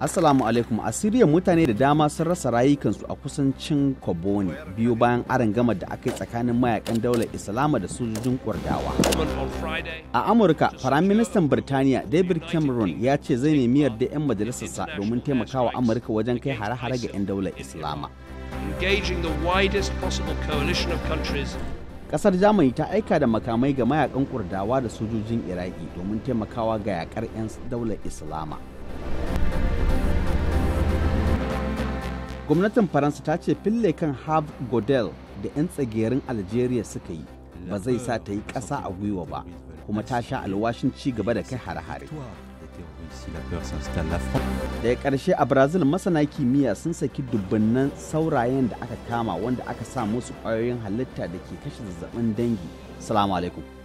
Assalamu alaikum a Siriya mutane da dama sun rasa rayukansu a kusancin kobone biyu bayan aron gama da aka yi tsakanin mayakan daular Islama da sojojin Kurdawa. A Amurka, Firaministan Birtaniya David Cameron ya ce zai nemi yarda 'yan majalisarsa domin taimakawa Amurka wajen kai hare-hare ga 'yan daular Islama. Kasar Germany ta aika da makamai ga mayakan Kurdawa da sojojin Iraki domin taimakawa ga yakar 'yan daular Islama. gwamnatin faransa ta ce fille kan have godel da 'yan tsagerin algeria suka yi ba zai sa ta yi ƙasa a gwiwa ba kuma ta sha alwashin ci gaba da kai hare-hare daga ƙarshe a brazil masana kimiyya sun saki dubbannan saurayen da aka kama wanda aka sa musu ƙwayoyin halitta da ke kashe zazzabin dangi salamu alaikum